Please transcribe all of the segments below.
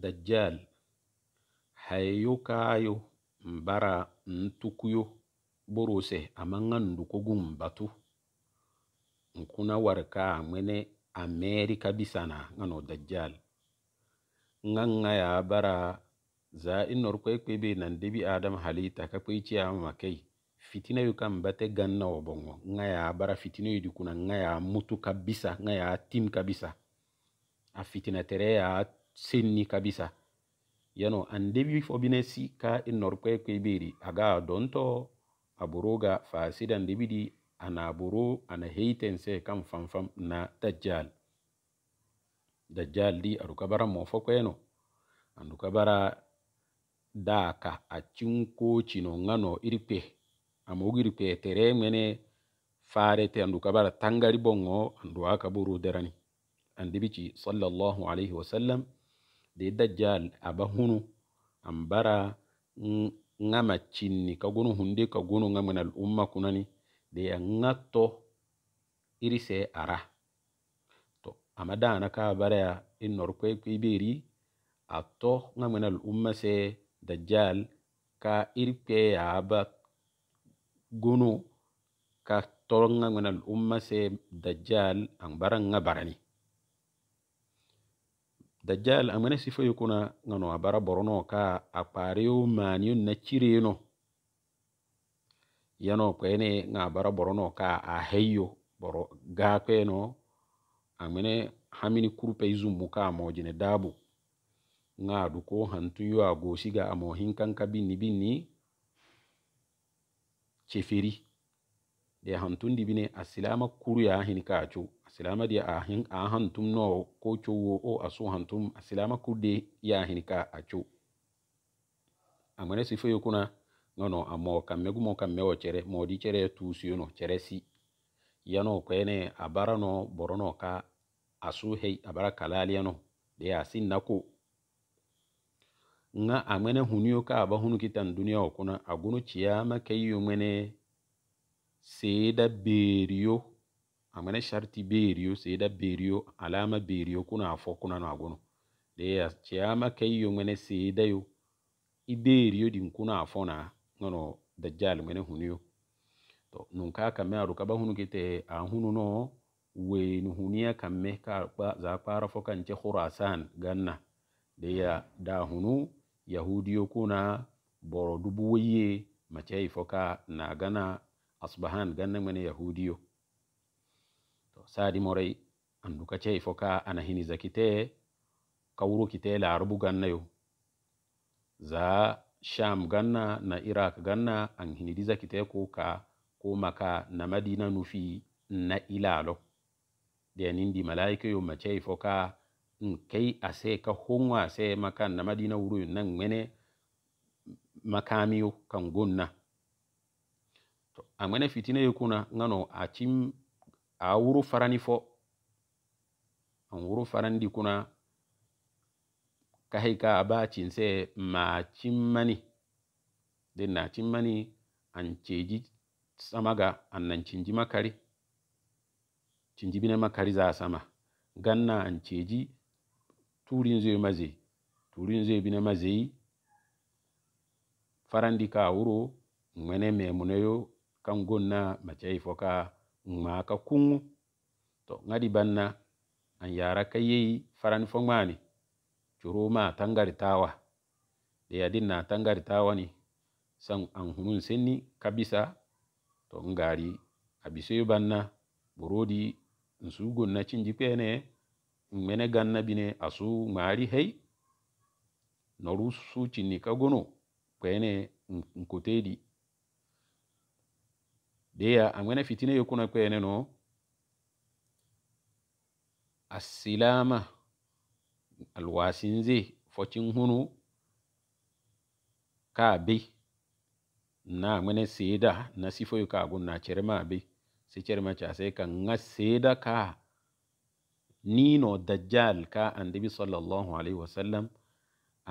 dajjal hayukaayo n bara n tukuyo borose amanga ndukogun batu nkuna warka amwene amerika bisana ngano dajjal nga ya bara za inor kwe kwe be nan debi adam halita ka kwe ci ama kai fitina yu kan ganna o nga ya bara fitina yu kuna nga ya mutu kabisa nga ya tim kabisa a fitina tere ya senni kabisa yano an debi fobinesi ka i e norkwekwe beri aga donto aburoga fasida debidi ana buro ana heitense kan fanfam na dajjal dajjal di aduka bara mofokweno anduka bara daka a cinkocino ngano irikpe amogirikpe tere mene farete anduka bara tangari bongo anduwaka buru derani andibici sallallahu alaihi wasallam de dajjal abahunu ambara ambara nga machinni kagunu hunde kagunu ngama nal umma kunani de ngato irise ara to amadana ka baraya inor kwe beri ato ngama nal umma se dajjal ka irikpe ya aba gunu ka toronga mwenal umma se dajjal ang barang ngabarani dajjal amene sifo yikuna a abara borono ka akpariu maniu na chirino yano kwene nga bara borono ka aheyo boro ga kweno amene hamini kurupe izummu ka amojine dabu nga duko a agoshiga amohinkanka binni binni cheferi de hantundi bine a silama kuruya hin kacu asilama di a hantum no ko cowo o asu hantum asilama kurde ya hin ka acu amane sifo yokuna nono amo kamme gumo kamme o cere modi cere tusi no cere si yano kwene abara no borono ka asu hei abara kalali yano de asin nako nga amene hunio ka aba hunu kitan dunia okuna agunu chiama keyu mene Seda a mana sharti Berio. Seda beriyo Alama beriyo Kuna afo kuna na agono. Deya. Chiama yo mwene seda yo. i beriyo din kuna afo na. Ngono dajjal mwene hunyo. To nunka kame ba hunu kete ahunu no. we nu kame ka za fo foka ce Khurasan ganna. ya da hunu yahudiyo kuna boro dubu na gana asbahan ganna mene yahudiyo to sadi moray andu ka cey ka ana hiniza kite kawru kite larubu ganna yo za sham ganna na iraq ganna an hinidiza kite ko ka ko maka na madina nufi na ilalo denin nindi malaika yo ma cey fo ka ase ka hunwa sai maka na madina wuru nan mene makamiyo kan gonna a ŋmɛnɛ fitinɛ ye kuna ŋanɔ acim a wuru farani fɔ wuru wuro farandi kuna kahi ka a ba cinse ma cimmani den na cimmani an ceji samaga an nan cinji makari cinji bine makari za sama ganna an ceji turin zai maze turin zai bine maze farandi ka wuro me muneyo kan gonna macayi fo ka maka kuŋu to ŋadi banna an yara ka yeyi farani fo ŋmani curu ma tangari tawa de yadin na tangari tawani san an hunun senni kabisa to ngari abisoyo banna burodi nsu gonna cinji kwene mene ganna bine asu ŋmari hei noru su cinni ka gono kwene nkotedi deya angwene fitine yokuna kwene no asilama alwasinzi fochin hunu ka be na angwene seda na sifo ka agun na cerema be si cerema case ka nga seda ka nino dajjal ka annabi sallallahu alaihi wasallam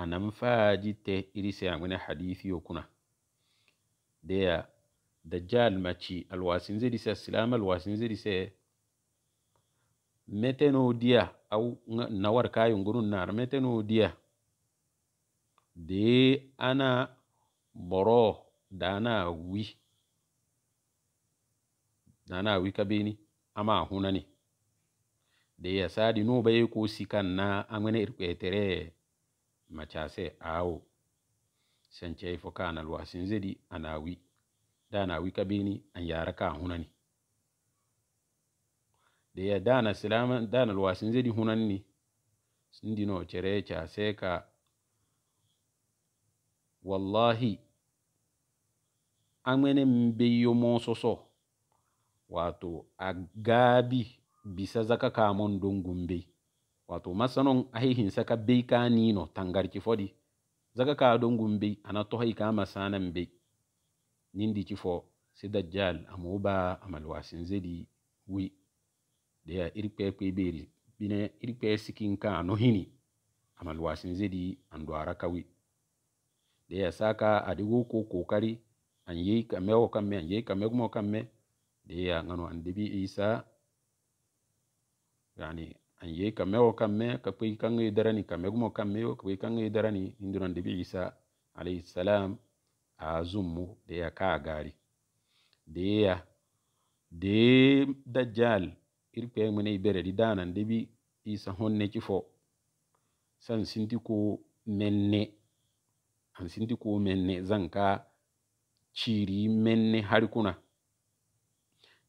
anan faji te irisi angwene hadisi yokuna deya dajjal maci alwasinze dise alwasin alwasinze dise meteno dia au nawar kayun gurun nar meteno dia de ana boro dana wi dana wi kabini ama hunani de ya sadi no baye ko sikan na amene irkwetere machase awo sanchei ifo alwasin zedi ana anawi dana wika beni an yara ka hunani da ya dana silama dana lwasin zedi ni sindi no cere seka wallahi amene yo mososo wato agabi bisa zaka kamon dongun wato masanon ahihin saka bei nino tangarki fodi zaka ka dongun bei ana tohai ka masanan bei nindi ci fo si dajjal amoo ba amal wasin zedi wi deya irikpeer pe beeri bine irikpeer sikin ka ano hini amal wasin zedi an dwara ka wi deya saka adi wo ko kokari an yei ka mewo kamme an yei ka megumo kamme deya ngano an debi isa yani an yei ka mewo kamme ka pei kanga darani ka megumo kamme ka pei kanga darani indiran debi isa alayhi salam a zummu de ya kaa gaari de ya de dajjal irpe mene ibere di danan debi isa honne ci fo san sinti ko menne an sinti ko menne zan ka ciri menne har kuna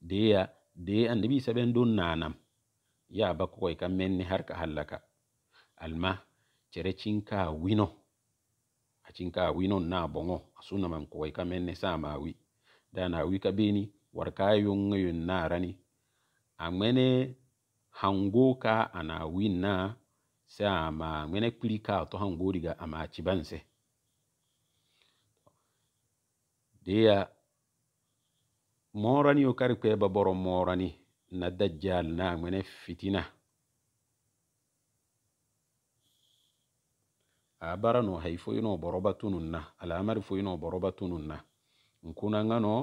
de ya de an debi isa ben don nanam ya bakko koy ka menne har ka hallaka alma cerecin ka wino acinka awi non na bongo asuna man ko ka men ne sama awi dana awi ka beni ka yun yon na rani amene hango ka ana awi na sama amene kuli ka to hango diga ama cibanse dia morani yo kari ba baboro morani na dajjal na amene fitina a no hay fo ino boroba tunun na alamari fo ino boroba tunun na nkuna ngano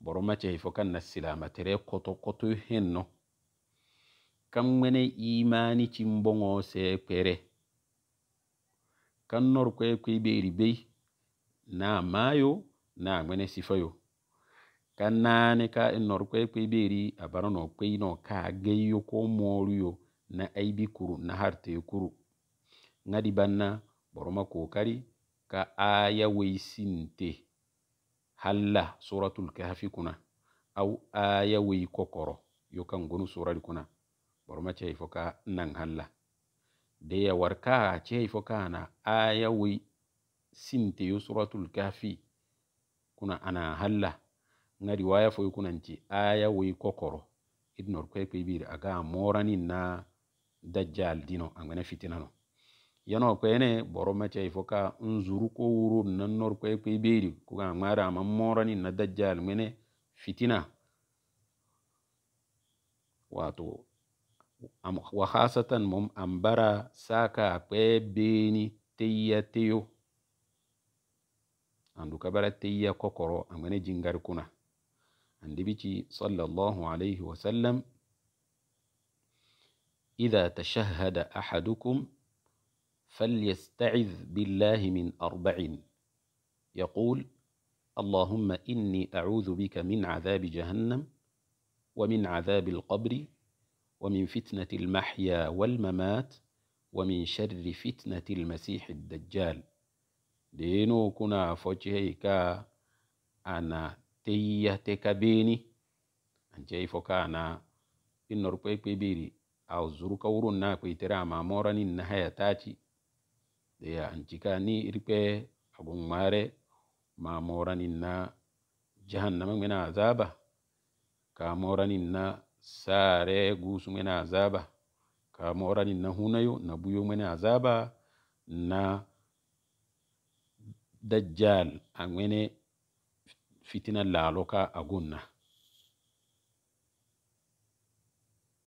boroma che hifo kan na silama tere koto koto henno kan mene imani chimbongo se pere kan nor kwe kwe beri be na mayo na mene sifayo kan nane ka nor kwe kwe beri abara no kwe no ka geyo ko moriyo na aibi kuru na harte kuru di banna boroma kokari ka aya weysinte halla suratul kahfi kuna aw aya wey kokoro yo kan gonu surari kuna boroma cei fo ka nan halla deya war ka cei fo kana aya wey sinte yo suratul kahfi kuna ana halla waya riwaya kuna kunanci aya wey kokoro idinor kwekwe bir aga morani na dajjal dino angana fitina no yano ne boro mace ifoka zuru ko wuro nan nor kwe kwe beri kuga mara mora ni na dajjal mene fitina wato wa hasatan mum ambara saka kwe beni teya teyo andu kabara tayya kokoro amene jingar kuna andibici sallallahu alaihi wasallam idha tashahhada ahadukum فليستعذ بالله من أربع يقول اللهم إني أعوذ بك من عذاب جهنم ومن عذاب القبر ومن فتنة المحيا والممات ومن شر فتنة المسيح الدجال دينو كنا فوجهيكا أنا تيتك بيني أنجي فكانا إن ركوي بيري أو زرك ورنا كويترا ما مورني النهاية تاتي ya anchika ni irpe agun mare ma moranin na jahannama mena azaba ka moranin na sare gusu mena azaba ka moranin na hunayo na buyo mena azaba na dajjal a fitina laloka agunna a gunna